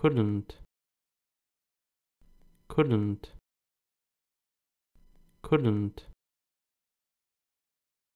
couldn't couldn't couldn't